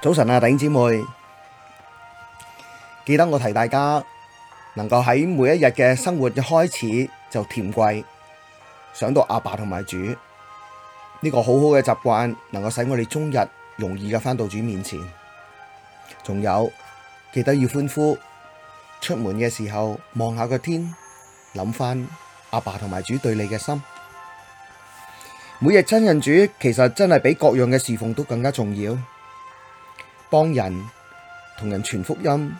早晨啊，弟兄姊妹，記得我提大家能夠喺每一日嘅生活一開始就甜跪，想到阿爸同埋主呢個好好嘅習慣，能夠使我哋終日容易嘅返到主面前。仲有記得要歡呼，出門嘅時候望下個天，諗翻阿爸同埋主對你嘅心。每日親近主，其實真係比各樣嘅侍奉都更加重要。幫人同人傳福音，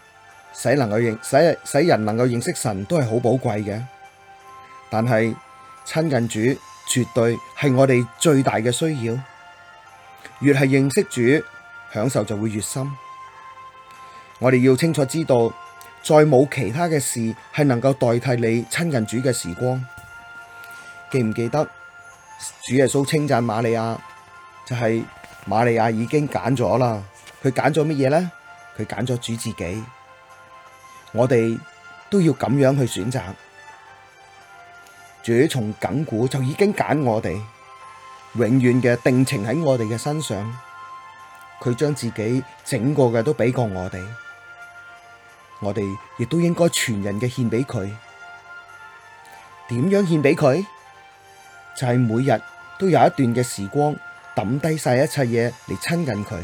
使能夠認使使人能夠認識神都係好寶貴嘅。但係親近主絕對係我哋最大嘅需要。越係認識主，享受就會越深。我哋要清楚知道，再冇其他嘅事係能夠代替你親近主嘅時光。記唔記得主耶穌稱讚瑪利亞？就係瑪利亞已經揀咗啦。佢揀咗乜嘢咧？佢揀咗主自己，我哋都要咁樣去選擇。主從亘古就已經揀我哋，永遠嘅定情喺我哋嘅身上。佢將自己整個嘅都俾過我哋，我哋亦都應該全人嘅獻俾佢。點樣獻俾佢？就係每日都有一段嘅時光抌低晒一切嘢嚟親近佢。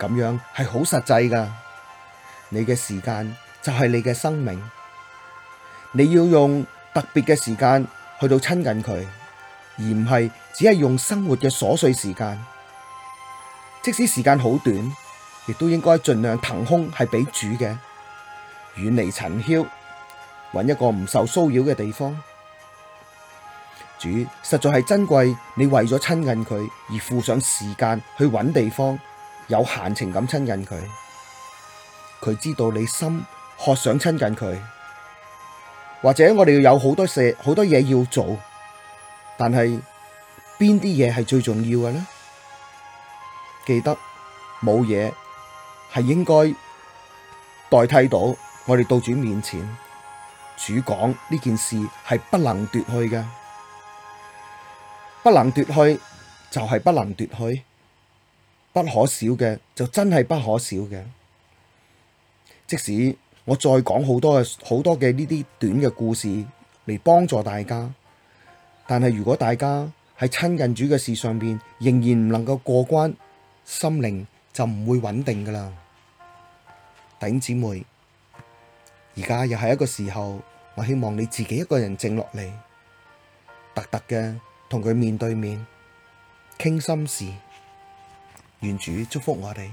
咁樣係好實際㗎，你嘅時間就係你嘅生命，你要用特別嘅時間去到親近佢，而唔係只係用生活嘅瑣碎時間。即使時間好短，亦都應該盡量騰空係俾主嘅，遠離塵囂，搵一個唔受騷擾嘅地方。主實在係珍貴，你為咗親近佢而付上時間去搵地方。有閒情咁親近佢，佢知道你心渴想親近佢，或者我哋要有好多事、好多嘢要做，但係邊啲嘢係最重要嘅咧？記得，冇嘢係應該代替到我哋到主面前，主講呢件事係不能奪去嘅，不能奪去就係不能奪去。不可少嘅就真係不可少嘅。即使我再講好多嘅好多嘅呢啲短嘅故事嚟幫助大家，但係如果大家喺親近主嘅事上面仍然唔能夠過關，心靈就唔會穩定噶啦，弟兄姊妹，而家又係一個時候，我希望你自己一個人靜落嚟，特特嘅同佢面對面傾心事。願主祝福我哋。